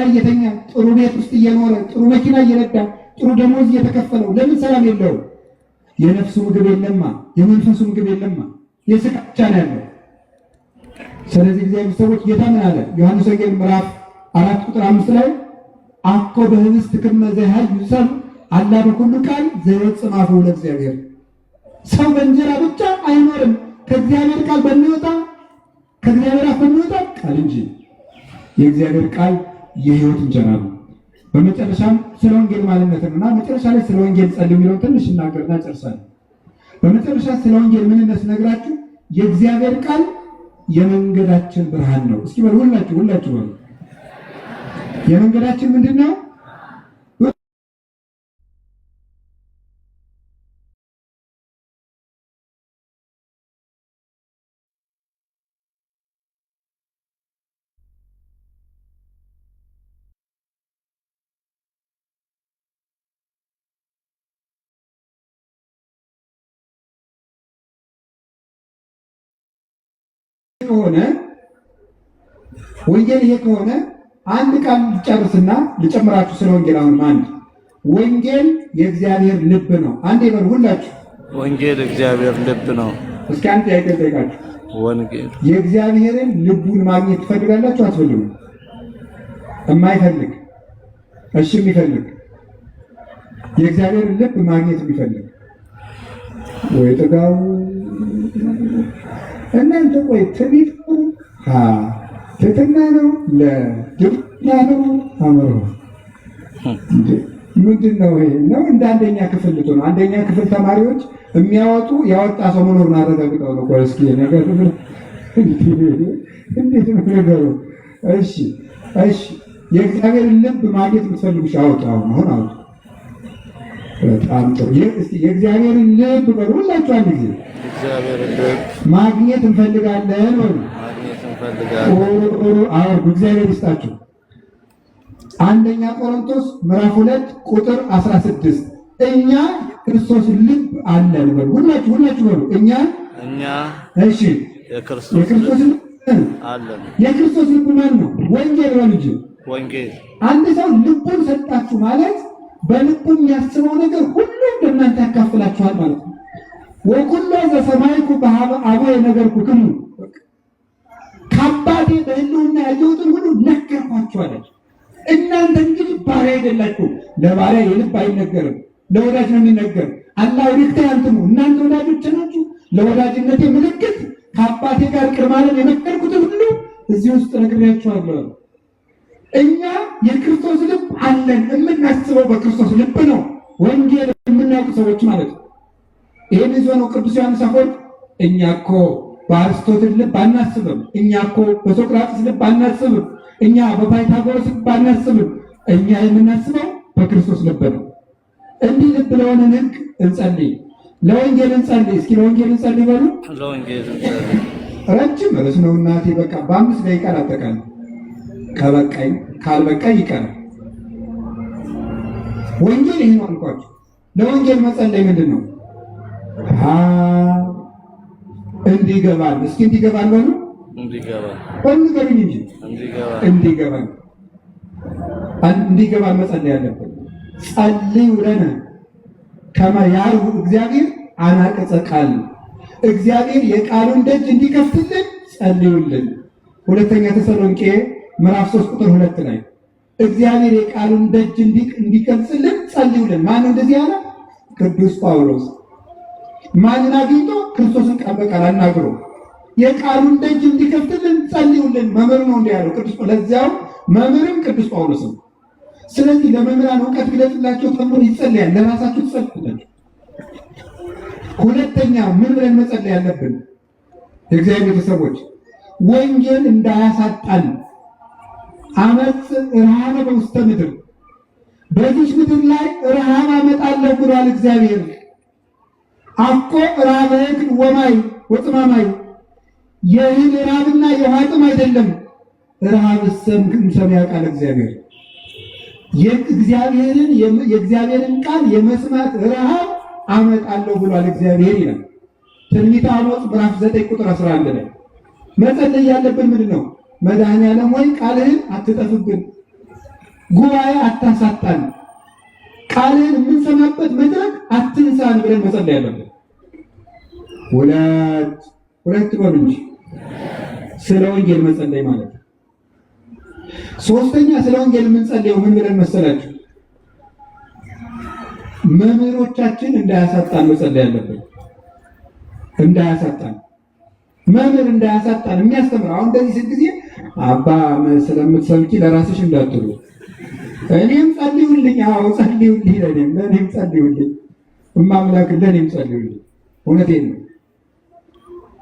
ላይ እየተኛ ጥሩ ቤት ውስጥ እየኖረ ጥሩ መኪና እየነዳ ጥሩ ደሞዝ እየተከፈለው ለምን ሰላም የለው የነፍሱ ምግብ የለማ፣ የመንፈሱ ምግብ የለማ፣ የስጋ ብቻ ነው ያለው። ስለዚህ እግዚአብሔር ሰዎች ጌታ ምን አለ? ዮሐንስ ወንጌል ምዕራፍ አራት ቁጥር አምስት ላይ አኮ በህብስት ክመ ዘይሃዩ ሰብእ አላ በኩሉ ቃል ዘይወጽእ አፉሁ ለእግዚአብሔር። ሰው በእንጀራ ብቻ አይኖርም፣ ከእግዚአብሔር ቃል በሚወጣ ከእግዚአብሔር አፍ በሚወጣ ቃል እንጂ የእግዚአብሔር ቃል የህይወት እንጀራ ነው። በመጨረሻም ስለ ወንጌል ማንነትን እና መጨረሻ ላይ ስለ ወንጌል ጸል የሚለው ትንሽ እናገርና ጨርሳለሁ። በመጨረሻ ስለ ወንጌል ምንነት ነግራችሁ የእግዚአብሔር ቃል የመንገዳችን ብርሃን ነው። እስኪ በሉ ሁላችሁ ሁላችሁ በሉ የመንገዳችን ምንድን ነው? ከሆነ ወንጌል ይሄ ከሆነ አንድ ቃል ልጨርስና ልጨምራችሁ ስለ ወንጌል አሁን አንድ ወንጌል የእግዚአብሔር ልብ ነው። አንዴ ይበሉ ሁላችሁ። ወንጌል እግዚአብሔር ልብ ነው። እስኪ አንድ ጥያቄ ጠይቃችሁ ወንጌል የእግዚአብሔርን ልቡን ማግኘት ትፈልጋላችሁ አትፈልጉም። የማይፈልግ እሺ፣ የሚፈልግ የእግዚአብሔርን ልብ ማግኘት የሚፈልግ ወይ ጥጋው እናንተ ቆይ ትዕቢት ነው ሀ ነው ለ ነው አምሮ ምንድን ነው ይሄ? ነው እንደ አንደኛ ክፍል ልትሆኑ አንደኛ ክፍል ተማሪዎች የሚያወጡ ያወጣ ሰው መኖሩን አረጋግጠው ነው። ቆይ እስኪ ነገር ክፍል እንዴት ነው ነገሩ? እሺ እሺ የእግዚአብሔርን ልብ ማግኘት የምትፈልጉ አውጡ። አሁን አሁን አውጡ በጣም ጥሩ። እስቲ የእግዚአብሔርን ልብ በሉ ሁላችሁ አንድ ጊዜ ማግኘት እንፈልጋለን በሉ። አዎ እግዚአብሔር ይስጣችሁ። አንደኛ ቆሮንቶስ ምዕራፍ ሁለት ቁጥር አስራ ስድስት እኛ ክርስቶስ ልብ አለን በሉ ሁላችሁ ሁላችሁ በሉ እኛ እኛ እሺ የክርስቶስ አለን። የክርስቶስ ልብ ማን ነው? ወንጌል በሉ እንጂ ወንጌል አንድ ሰው ልቡን ሰጣችሁ ማለት በልቡ የሚያስበው ነገር ሁሉ እንደናንተ ያካፍላችኋል ማለት ነው። ወኩሎ ዘሰማይኩ አቦዬ ነገርኩክሙ ከአባቴ በሕልውና ያየሁትን ሁሉ ነገርኳችኋለሁ። እናንተ እንግዲህ ባሪያ አይደላችሁ። ለባሪያ የልብ አይነገርም፣ ለወዳጅ ነው የሚነገር። አላ ሪክተ ያንትሙ እናንተ ወዳጆች ናችሁ። ለወዳጅነቴ ምልክት ከአባቴ ጋር ቅድመ ዓለም የመከርኩትን ሁሉ እዚህ ውስጥ ነግሬያችኋለሁ። እኛ የክርስቶስ ልብ አለን። የምናስበው በክርስቶስ ልብ ነው። ወንጌል የምናውቅ ሰዎች ማለት ነው። ይህን ይዞ ነው ቅዱስ ዮሐንስ አፈወርቅ እኛ እኮ በአርስቶትል ልብ አናስብም፣ እኛ እኮ በሶቅራጥስ ልብ አናስብም፣ እኛ በፓይታጎረስ ልብ አናስብም። እኛ የምናስበው በክርስቶስ ልብ ነው። እንዲህ ልብ ለሆነን ሕግ እንጸልይ፣ ለወንጌል እንጸልይ። እስኪ ለወንጌል እንጸልይ በሉ። ረጅም ርዕስ ነው እናቴ። በቃ በአምስት ደቂቃ ላጠቃል ከበቃኝ ካልበቃ ይቀራል። ወንጌል ይህን አልኳቸው። ለወንጌል መጸለይ ምንድን ነው? እንዲገባል እስኪ እንዲገባል ነው እንዲገባል እንጂ እንዲገባል እንዲገባል መጸለይ ያለብን ጸልዩ ለነ ከመ ያርሁ እግዚአብሔር አናቅጸ ቃል እግዚአብሔር የቃሉን ደጅ እንዲከፍትልን ጸልዩልን። ሁለተኛ ተሰሎንቄ ምዕራፍ ሶስት ቁጥር ሁለት ላይ እግዚአብሔር የቃሉን ደጅ እንዲቀልጽልን ጸልዩልን። ማን እንደዚህ ያለ? ቅዱስ ጳውሎስ። ማንን አግኝቶ? ክርስቶስን ቃል በቃል አናግሮ የቃሉን ደጅ እንዲከፍትልን ጸልዩልን። መምህር ነው እንዲ ያለው ቅዱስ ለዚያው መምህርም ቅዱስ ጳውሎስ ነው። ስለዚህ ለመምህራን እውቀት ግለጽላቸው ተብሎ ይጸለያል። ለራሳቸው ትጸልላቸው። ሁለተኛ ምን ብለን መጸለይ ያለብን? የእግዚአብሔር ቤተሰቦች ወንጌል እንዳያሳጣን አመጽ ረሃበ በውስተ ምድር፣ በዚች ምድር ላይ ረሃብ አመጣለሁ ብሏል እግዚአብሔር። አፍቆ ረሃበ ግን ወማይ ወጥማማይ የእህል ረሃብና የውሃ ጥም አይደለም፣ ረሃብ ሰምያ ቃል እግዚአብሔር የእግዚአብሔርን የእግዚአብሔርን ቃል የመስማት ረሃብ አመጣለሁ ብሏል እግዚአብሔር ይላል ትንቢተ አሞጽ ምዕራፍ 9 ቁጥር 11 ላይ። መጸለይ ያለብን ምንድን ነው? መድኃኔዓለም ሆይ ቃልህን አትጠፍብን፣ ጉባኤ አታሳጣን፣ ቃልህን የምንሰማበት መድረክ አትንሳን ብለን መጸለይ ያለብን። ሁለት ሁለት ሆን እንጂ ስለ ወንጌል መጸለይ ማለት ነው። ሶስተኛ ስለ ወንጌል የምንጸለየው ምን ብለን መሰላችሁ? መምህሮቻችን እንዳያሳጣን መጸለይ ያለብን። እንዳያሳጣን መምህር እንዳያሳጣን የሚያስተምረው አሁን እንደዚህ ጊዜ አባ ስለምትሰብኪ ለራስሽ እንዳትሉ እኔም ጸልዩልኝ። አዎ ጸልዩልኝ፣ ለእኔም ለእኔም ጸልዩልኝ። እማምላክ ለእኔም ጸልዩልኝ። እውነቴን ነው።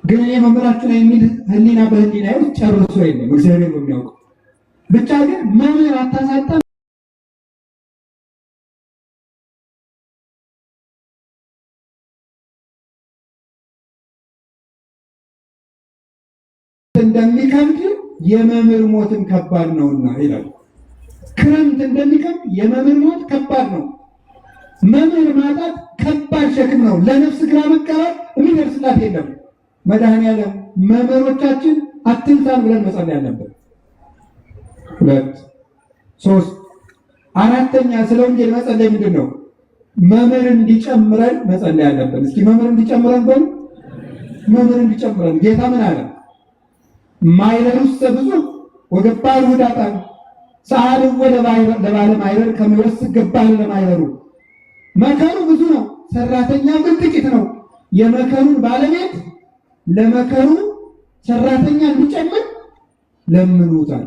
ግን እኔ መምህራችሁ ነው የሚል ህሊና በህሊና ውስጥ ጨርሶ የለም። እግዚአብሔር ነው የሚያውቀው። ብቻ ግን መምህር አታሳጣ እንደሚከብድ የመምህር ሞትም ከባድ ነውና ይላል። ክረምት እንደሚቀርብ የመምህር ሞት ከባድ ነው። መምህር ማጣት ከባድ ሸክም ነው። ለነፍስ ግራ መቀራር የሚደርስላት የለም። መድኃኔዓለም መምህሮቻችን አትንሳን ብለን መጸለይ ያለበት ሁለት ሶስት አራተኛ ስለ ወንጌል መጸለይ ምንድን ነው? መምህር እንዲጨምረን መጸለይ አለብን። እስኪ መምህር እንዲጨምረን በሉ። መምህር እንዲጨምረን ጌታ ምን አለ? ማይበር ውስጥ ብዙ ወገባል ውዳጣ ሰዓድ ለባለ ማይለር ከመወስ ገባል ለማይበሩ መከሩ ብዙ ነው፣ ሰራተኛ ግን ጥቂት ነው። የመከሩን ባለቤት ለመከሩ ሰራተኛ እንዲጨምር ለምኑታል።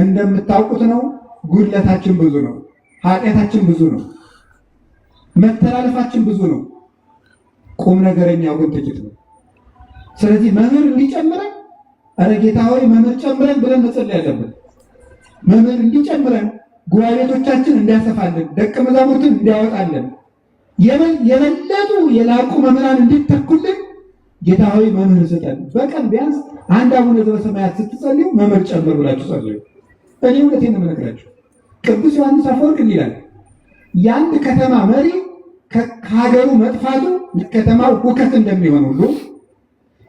እንደምታውቁት ነው፣ ጉድለታችን ብዙ ነው፣ ኃጢአታችን ብዙ ነው፣ መተላለፋችን ብዙ ነው። ቁም ነገረኛው ግን ጥቂት ነው። ስለዚህ መምህር እንዲጨምረን አረ ጌታ ሆይ መምህር ጨምረን ብለን መጸለይ ያለብን መምህር እንዲጨምረን ጉባኤ ቤቶቻችን እንዲያሰፋልን ደቀ መዛሙርትን እንዲያወጣልን የበለጡ የላቁ መምህራን እንዲተኩልን ጌታ ሆይ መምህር ስጠን። በቀን ቢያንስ አንድ አቡነ ዘበሰማያት ስትጸልዩ መምህር ጨምር ብላችሁ ጸልዩ። እኔ እውነቴን ነው የምነግራችሁ። ቅዱስ ዮሐንስ አፈወርቅ ይላል የአንድ ከተማ መሪ ከሀገሩ መጥፋቱ ከተማው ሁከት እንደሚሆን ሁሉ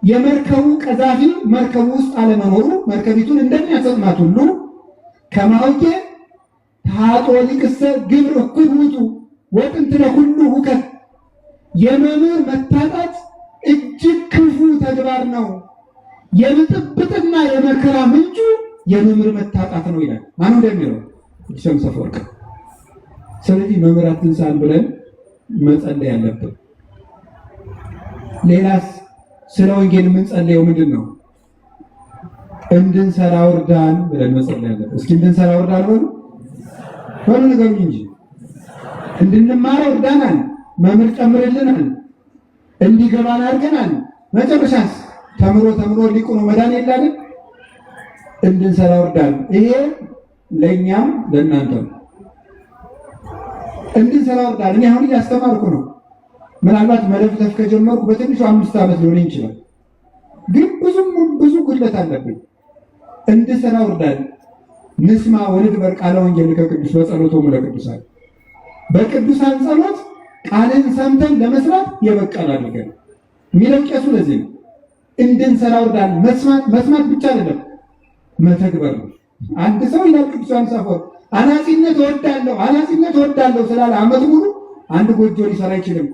የመርከቡ ቀዛፊ መርከቡ ውስጥ አለመኖሩ መርከቢቱን እንደሚያሰጥማት ሁሉ ከማውቄ ታጦ ሊቅሰ ግብር እኩል ውጡ ወጥንት ሁሉ ሁከት የመምህር መታጣት እጅግ ክፉ ተግባር ነው። የብጥብጥና የመከራ ምንጩ የመምህር መታጣት ነው ይላል። ማን እንደሚለው ሸምሰ ወርቅ። ስለዚህ መምህራትን ሳን ብለን መጸለይ ያለብን ሌላስ ስለ ወንጌል የምንጸለየው ምንድን ነው? እንድንሰራ እርዳን ብለን መጸለይ አለብን። እስኪ እንድንሰራ እርዳን ሆነ ሆነ ነገር እንጂ እንድንማር እርዳናል፣ መምህር ጨምርልናል፣ እንዲገባን አድርገናል። መጨረሻስ ተምሮ ተምሮ ሊቁ ነው መዳን የላለ እንድንሰራ እርዳን። ይሄ ለእኛም ለእናንተም እንድንሰራ እርዳን። እኔ አሁን እያስተማርኩ ነው ምናልባት መለፍለፍ ከጀመርኩ በትንሹ አምስት ዓመት ሊሆነ ይችላል። ግን ብዙም ብዙ ጉድለት አለብኝ። እንድሰራ ውርዳል ንስማ ወንድበር ቃለ ወንጌል ከቅዱስ በጸሎቶ ሙለ ቅዱሳን በቅዱሳን ጸሎት ቃልን ሰምተን ለመስራት የበቃን አድርገን የሚለው ቄሱ ለዚህ ነው። እንድንሰራ ውርዳል መስማት ብቻ አይደለም መተግበር ነው። አንድ ሰው ይላል ቅዱሳን ዮሐንስ አፈወርቅ አናጺነት እወዳለሁ አናጺነት እወዳለሁ ስላለ ዓመት ሙሉ አንድ ጎጆ ሊሰራ አይችልም።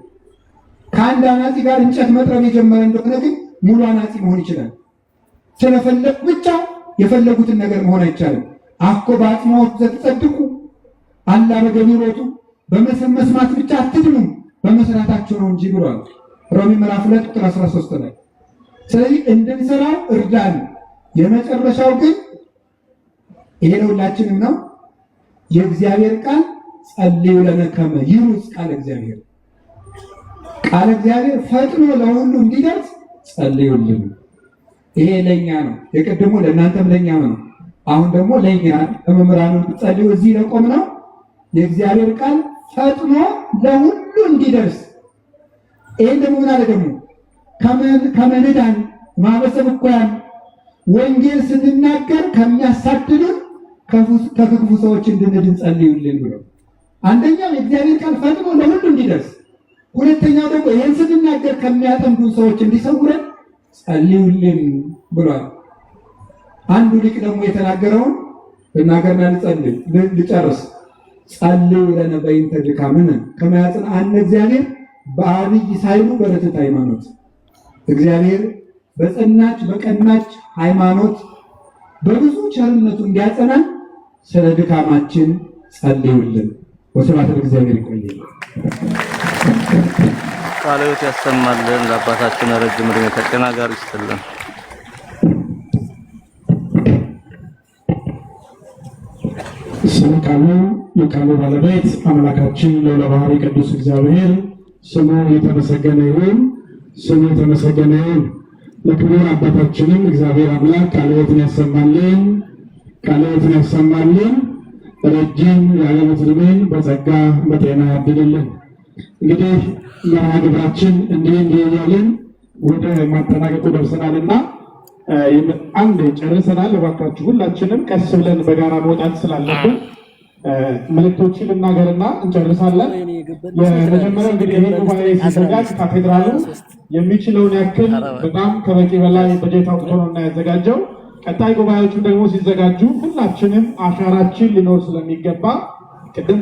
ከአንድ አናጺ ጋር እንጨት መጥረብ የጀመረ እንደሆነ ግን ሙሉ አናጺ መሆን ይችላል። ስለፈለጉ ብቻ የፈለጉትን ነገር መሆን አይቻልም። አኮ በአጽማዎት ዘትጸድቁ አላ በገቢሮቱ በመስማት ብቻ አትድኑም በመስራታቸው ነው እንጂ ብሏል። ሮሜ ምዕራፍ ሁለት ቁጥር 13 ላይ ስለዚህ እንድንሰራው እርዳን። የመጨረሻው ግን ይሄ ለሁላችንም ነው። የእግዚአብሔር ቃል ጸልዩ ለነ ይሩጽ ቃል እግዚአብሔር ቃል እግዚአብሔር ፈጥኖ ለሁሉ እንዲደርስ ጸልዩልን። ይሄ ለእኛ ነው። የቅድሙ ለእናንተም ለእኛም ነው። አሁን ደግሞ ለእኛ ለመምህራኑ ጸልዩ። እዚህ ለቆም ነው የእግዚአብሔር ቃል ፈጥኖ ለሁሉ እንዲደርስ። ይህን ደግሞ ምን አለ ደግሞ ከመንዳን ማህበረሰብ እኩያን ወንጌል ስንናገር ከሚያሳድዱን ከክፉ ሰዎች እንድንድን ጸልዩልን ብሎ አንደኛው የእግዚአብሔር ቃል ፈጥኖ ለሁሉ እንዲደርስ ሁለተኛው ደግሞ ይህን ስንናገር ከሚያጠምዱ ሰዎች እንዲሰውረን ጸልዩልን ብሏል። አንዱ ሊቅ ደግሞ የተናገረውን ልናገርና ልጸልይ ልጨርስ። ጸልዩ ለነ በይንተ ድካምነ ከመ ያጽንዓነ እግዚአብሔር በአብይ ሳይሉ በርትዕተ ሃይማኖት። እግዚአብሔር በጸናች በቀናች ሃይማኖት በብዙ ቸርነቱ እንዲያጸናን ስለ ድካማችን ጸልዩልን። ወስብሐት ለእግዚአብሔር። ይቆየል። ቃለ ሕይወት ያሰማልን። ለአባታችን ረጅም እድሜ ከጤና ጋር ይስጥልን። ስም ቃሉ የቃሉ ባለቤት አምላካችን ልዑለ ባሕርይ ቅዱስ እግዚአብሔር ስሙ የተመሰገነ ይሁን። ስሙ የተመሰገነ ይሁን። ለክቡር አባታችንም እግዚአብሔር አምላክ ቃለ ሕይወትን ያሰማልን። ቃለ ያሰማልን። ረጅም የዓለም ዕድሜን በጸጋ በጤና ያድልልን። እንግዲህ መርሃ ግብራችን እንዲህ እንዲህ እያለን ወደ ማጠናቀቁ ደርሰናል እና አንድ ጨርሰናል። እባካችሁ ሁላችንም ቀስ ብለን በጋራ መውጣት ስላለብን መልእክቶችን ልናገርና እንጨርሳለን። የመጀመሪያ እንግዲህ ይህ ጉባኤ ሲዘጋጅ ካቴድራሉ የሚችለውን ያክል በጣም ከበቂ በላይ በጀት አውጥቶ ነው እና ያዘጋጀው። ቀጣይ ጉባኤዎቹ ደግሞ ሲዘጋጁ ሁላችንም አሻራችን ሊኖር ስለሚገባ ቅድም